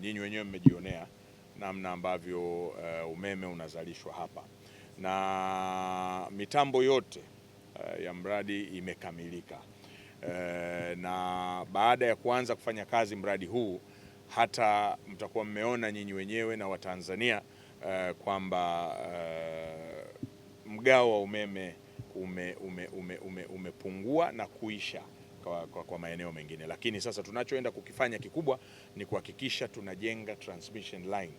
Nyinyi wenyewe mmejionea namna ambavyo uh, umeme unazalishwa hapa na mitambo yote uh, ya mradi imekamilika. Uh, na baada ya kuanza kufanya kazi mradi huu hata mtakuwa mmeona nyinyi wenyewe na Watanzania uh, kwamba uh, mgao wa umeme ume, ume, ume, ume, umepungua na kuisha kwa, kwa, kwa maeneo mengine, lakini sasa tunachoenda kukifanya kikubwa ni kuhakikisha tunajenga transmission line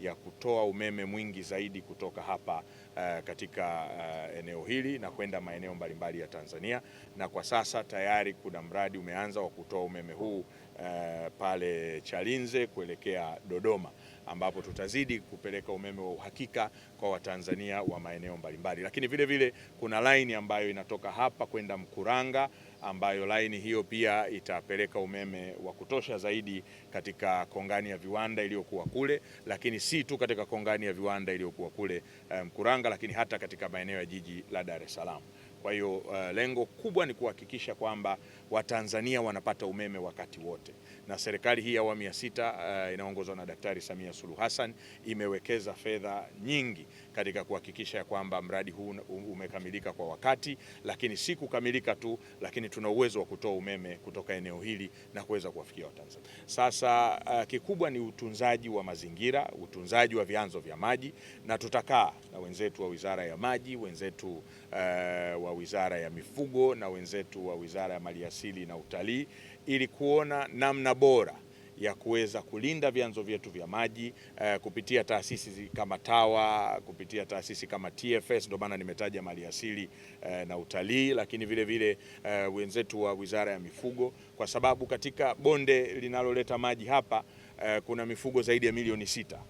ya kutoa umeme mwingi zaidi kutoka hapa uh, katika uh, eneo hili na kwenda maeneo mbalimbali ya Tanzania, na kwa sasa tayari kuna mradi umeanza wa kutoa umeme huu uh, pale Chalinze kuelekea Dodoma ambapo tutazidi kupeleka umeme wa uhakika kwa Watanzania wa maeneo mbalimbali. Lakini vile vile kuna laini ambayo inatoka hapa kwenda Mkuranga ambayo laini hiyo pia itapeleka umeme wa kutosha zaidi katika kongani ya viwanda iliyokuwa kule, lakini si tu katika kongani ya viwanda iliyokuwa kule eh, Mkuranga, lakini hata katika maeneo ya jiji la Dar es Salaam. Kwa hiyo uh, lengo kubwa ni kuhakikisha kwamba Watanzania wanapata umeme wakati wote, na serikali hii ya awamu ya sita uh, inaongozwa na Daktari Samia Suluhu Hassan imewekeza fedha nyingi katika kuhakikisha kwamba mradi huu umekamilika kwa wakati, lakini si kukamilika tu, lakini tuna uwezo wa kutoa umeme kutoka eneo hili na kuweza kuwafikia Watanzania. Sasa uh, kikubwa ni utunzaji wa mazingira, utunzaji wa vyanzo vya maji, na tutakaa na wenzetu wa Wizara ya Maji, wenzetu uh, wa wa Wizara ya Mifugo na wenzetu wa Wizara ya Maliasili na Utalii ili kuona namna bora ya kuweza kulinda vyanzo vyetu vya maji eh, kupitia taasisi kama TAWA, kupitia taasisi kama TFS, ndio maana nimetaja maliasili eh, na utalii, lakini vile vile eh, wenzetu wa Wizara ya Mifugo, kwa sababu katika bonde linaloleta maji hapa eh, kuna mifugo zaidi ya milioni sita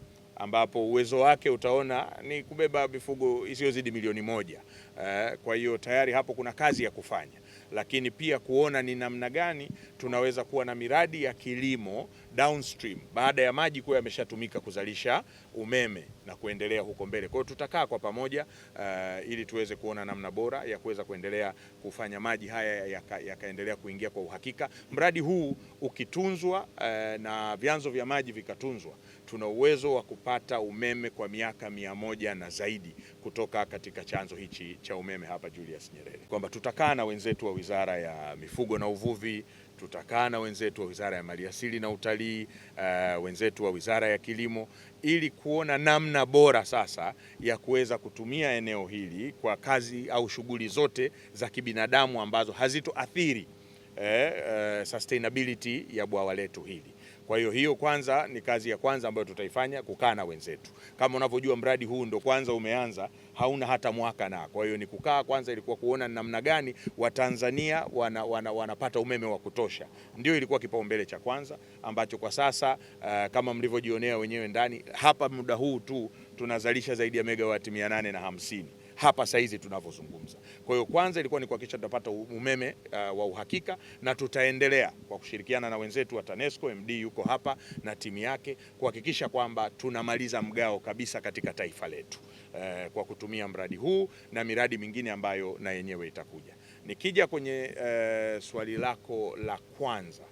ambapo uwezo wake utaona ni kubeba mifugo isiyozidi milioni moja. Eh, kwa hiyo tayari hapo kuna kazi ya kufanya, lakini pia kuona ni namna gani tunaweza kuwa na miradi ya kilimo downstream baada ya maji kuwa yameshatumika kuzalisha umeme na kuendelea huko mbele. Kwa hiyo tutakaa kwa pamoja uh, ili tuweze kuona namna bora ya kuweza kuendelea kufanya maji haya yakaendelea yaka kuingia kwa uhakika. Mradi huu ukitunzwa, uh, na vyanzo vya maji vikatunzwa, tuna uwezo wa kupata umeme kwa miaka mia moja na zaidi kutoka katika chanzo hichi cha umeme hapa Julius Nyerere, kwamba tutakaa na wenzetu wa Wizara ya Mifugo na Uvuvi tutakaa na wenzetu wa Wizara ya Maliasili na Utalii, uh, wenzetu wa Wizara ya Kilimo ili kuona namna bora sasa ya kuweza kutumia eneo hili kwa kazi au shughuli zote za kibinadamu ambazo hazitoathiri eh, uh, sustainability ya bwawa letu hili. Kwa hiyo hiyo kwanza ni kazi ya kwanza ambayo tutaifanya kukaa na wenzetu. Kama unavyojua mradi huu ndo kwanza umeanza, hauna hata mwaka na kwa hiyo ni kukaa kwanza, ilikuwa kuona ni namna gani Watanzania wanapata wana, wana umeme wa kutosha, ndio ilikuwa kipaumbele cha kwanza ambacho kwa sasa uh, kama mlivyojionea wenyewe ndani hapa muda huu tu tunazalisha zaidi ya megawati mia nane na hamsini hapa hizi tunavyozungumza. Kwa hiyo kwanza ilikuwa ni kuhakikisha tutapata umeme uh, wa uhakika na tutaendelea kwa kushirikiana na wenzetu wa TANESCO, MD yuko hapa na timu yake kuhakikisha kwamba tunamaliza mgao kabisa katika taifa letu uh, kwa kutumia mradi huu na miradi mingine ambayo na yenyewe itakuja. Nikija kwenye uh, swali lako la kwanza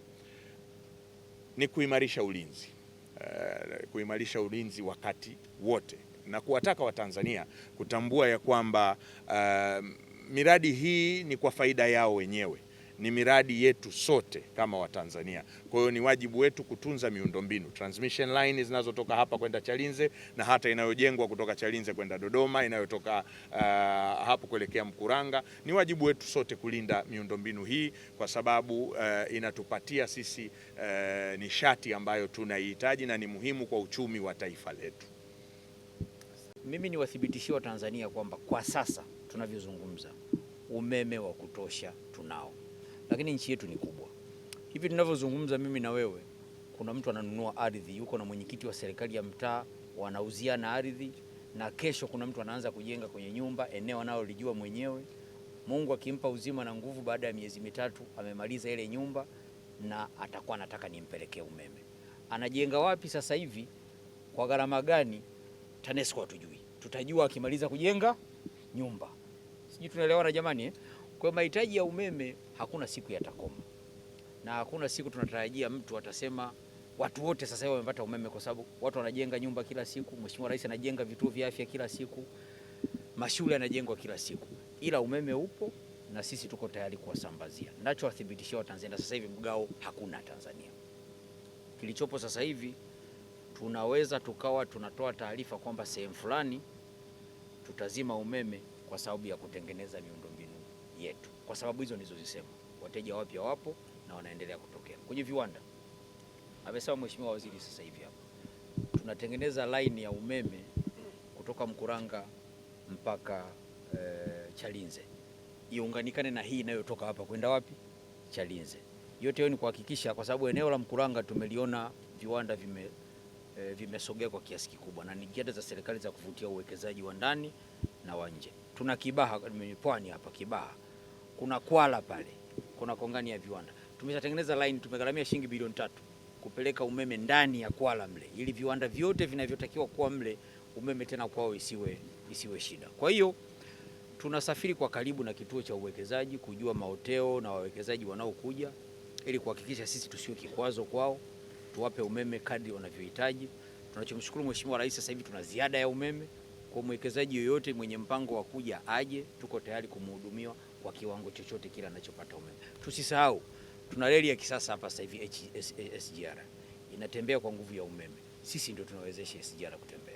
ni kuimarisha ulinzi uh, kuimarisha ulinzi wakati wote na kuwataka Watanzania kutambua ya kwamba uh, miradi hii ni kwa faida yao wenyewe, ni miradi yetu sote kama Watanzania. Kwa hiyo ni wajibu wetu kutunza miundombinu, transmission line zinazotoka hapa kwenda Chalinze na hata inayojengwa kutoka Chalinze kwenda Dodoma, inayotoka uh, hapo kuelekea Mkuranga. Ni wajibu wetu sote kulinda miundombinu hii kwa sababu uh, inatupatia sisi uh, nishati ambayo tunaihitaji na ni muhimu kwa uchumi wa taifa letu mimi niwathibitishie Watanzania kwamba kwa sasa tunavyozungumza umeme wa kutosha tunao, lakini nchi yetu ni kubwa. Hivi tunavyozungumza mimi na wewe, kuna mtu ananunua ardhi, yuko na mwenyekiti wa serikali ya mtaa, wanauziana ardhi, na kesho kuna mtu anaanza kujenga kwenye nyumba, eneo analolijua mwenyewe. Mungu akimpa uzima na nguvu, baada ya miezi mitatu amemaliza ile nyumba na atakuwa anataka nimpelekee umeme. Anajenga wapi sasa hivi, kwa gharama gani? TANESCO hatujui, tutajua akimaliza kujenga nyumba, sijui tunaelewana jamani eh? Kwa mahitaji ya umeme hakuna siku yatakoma, na hakuna siku tunatarajia mtu atasema watu wote sasa hivi wamepata umeme, kwa sababu watu wanajenga nyumba kila siku, Mheshimiwa Rais anajenga vituo vya afya kila siku, mashule yanajengwa kila siku, ila umeme upo na sisi tuko tayari kuwasambazia. Nachowathibitishia Watanzania sasa hivi mgao hakuna Tanzania. Kilichopo sasa hivi tunaweza tukawa tunatoa taarifa kwamba sehemu fulani tutazima umeme kwa sababu ya kutengeneza miundombinu yetu, kwa sababu hizo nilizozisema. Wateja wapya wapo na wanaendelea kutokea kwenye viwanda. Amesema Mheshimiwa Waziri sasa hivi hapa tunatengeneza laini ya umeme kutoka Mkuranga mpaka e, Chalinze iunganikane na hii inayotoka hapa kwenda wapi? Chalinze. Yote hiyo ni kuhakikisha, kwa sababu eneo la Mkuranga tumeliona viwanda vime e, vimesogea kwa kiasi kikubwa na ni jitihada za serikali za kuvutia uwekezaji wa ndani na wa nje. Tuna Kibaha pwani hapa Kibaha, kuna Kwala pale, kuna kongani ya viwanda. Tumeshatengeneza line, tumegharamia shilingi bilioni tatu kupeleka umeme ndani ya Kwala mle, ili viwanda vyote vinavyotakiwa kuwa mle umeme tena kwao isiwe, isiwe shida. Kwa hiyo tunasafiri kwa karibu na kituo cha uwekezaji kujua maoteo na wawekezaji wanaokuja ili kuhakikisha sisi tusiwe kikwazo kwao tuwape umeme kadri wanavyohitaji. Tunachomshukuru Mheshimiwa Rais, sasa hivi tuna ziada ya umeme kwa mwekezaji yoyote mwenye mpango wa kuja aje, tuko tayari kumhudumiwa kwa kiwango chochote kile anachopata umeme. Tusisahau tuna reli ya kisasa hapa sasa hivi SGR inatembea kwa nguvu ya umeme. Sisi ndio tunawezesha SGR kutembea.